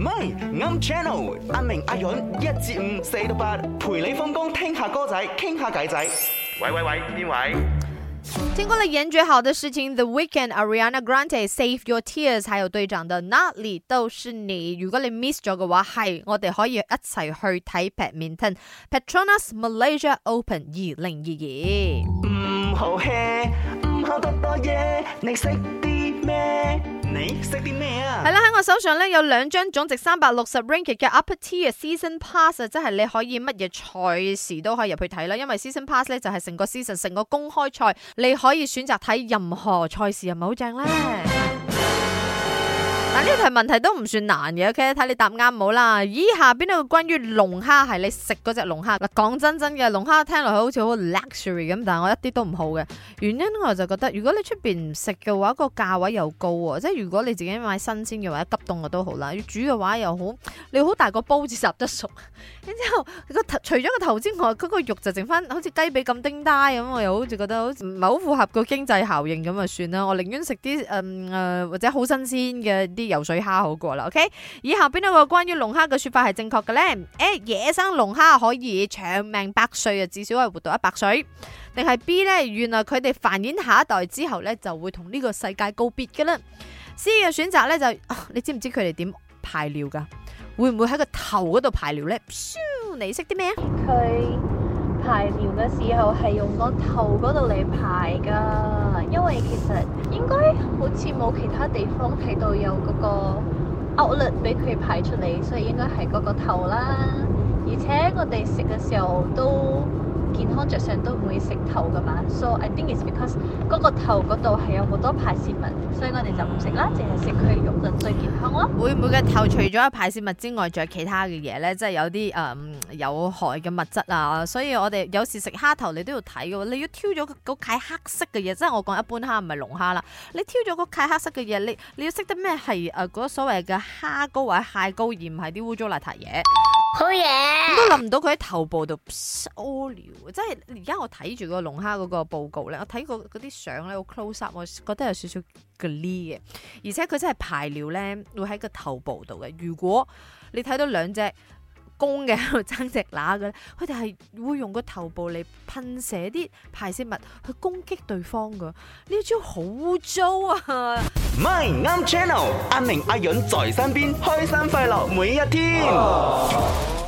咪啱 channel，阿明阿勇，一至五四到八，5, 8, 陪你放工聽下歌仔，傾下偈仔。喂喂喂，邊位？聽過了演爵好的事情，The Weeknd e、Ariana Grande、Save Your Tears，還有隊長的哪裏都是你。如果你 miss 咗嘅話係，我哋可以一齊去睇 Badminton Petronas Malaysia Open 二零二二。嗯好。你識啲咩啊？係 啦，喺我手上咧有兩張總值三百六十 Ringgit 嘅 upper tier season pass 啊，即係你可以乜嘢賽事都可以入去睇啦，因為 season pass 咧就係成個 season 成個公開賽，你可以選擇睇任何賽事，係咪好正咧？ 但呢題問題都唔算難嘅，OK 睇你答啱冇啦。咦下邊呢個關於龍蝦係你食嗰隻龍蝦，講真真嘅龍蝦聽落去好似好 luxury 咁，但係我一啲都唔好嘅原因我就覺得，如果你出邊唔食嘅話，個價位又高啊，即係如果你自己買新鮮嘅或者急凍嘅都好啦，要煮嘅話又好，你好大個煲至烚得熟， 然之後個頭除咗個頭之外，嗰個肉就剩翻好似雞髀咁丁呆咁，我又好似覺得好似唔係好符合個經濟效應咁就算啦，我寧願食啲或者好新鮮嘅。游水蝦好過啦，OK。以下邊一個關於龍蝦嘅說法係正確嘅呢？誒，野生龍蝦可以長命百歲啊，至少可以活到一百歲。定係 B 呢？原來佢哋繁衍下一代之後呢，就會同呢個世界告別嘅啦。C 嘅選擇呢，就、啊，你知唔知佢哋點排尿噶？會唔會喺個頭嗰度排尿呢？你識啲咩啊？排尿嘅時候係用個頭嗰度嚟排噶，因為其實應該好似冇其他地方睇到有嗰個凹 u t 俾佢排出嚟，所以應該係嗰個頭啦。而且我哋食嘅時候都。着上都唔會食頭噶嘛，so I think it's because 嗰個頭嗰度係有好多排泄物，所以我哋就唔食啦，淨係食佢肉就最健康咯。會唔會嘅？頭除咗排泄物之外，仲有其他嘅嘢咧？即係有啲誒、嗯、有害嘅物質啊，所以我哋有時食蝦頭你都要睇喎，你要挑咗個塊黑色嘅嘢，即係我講一般蝦唔係龍蝦啦，你挑咗個蟹黑色嘅嘢，你你要識得咩係誒嗰所謂嘅蝦膏或者蟹膏，而唔係啲污糟邋遢嘢。好嘢！ 我都諗唔到佢喺頭部度屙尿，即係而家我睇住個龍蝦嗰個報告咧，我睇過嗰啲相咧好 close up，我覺得有少少 gel 嘅，而且佢真係排尿咧會喺個頭部度嘅。如果你睇到兩隻。公嘅喺度爭隻乸嘅咧，佢哋係會用個頭部嚟噴射啲排泄物去攻擊對方㗎，呢招好污糟啊！My own channel，阿明阿允在身邊，開心快樂每一天。Oh.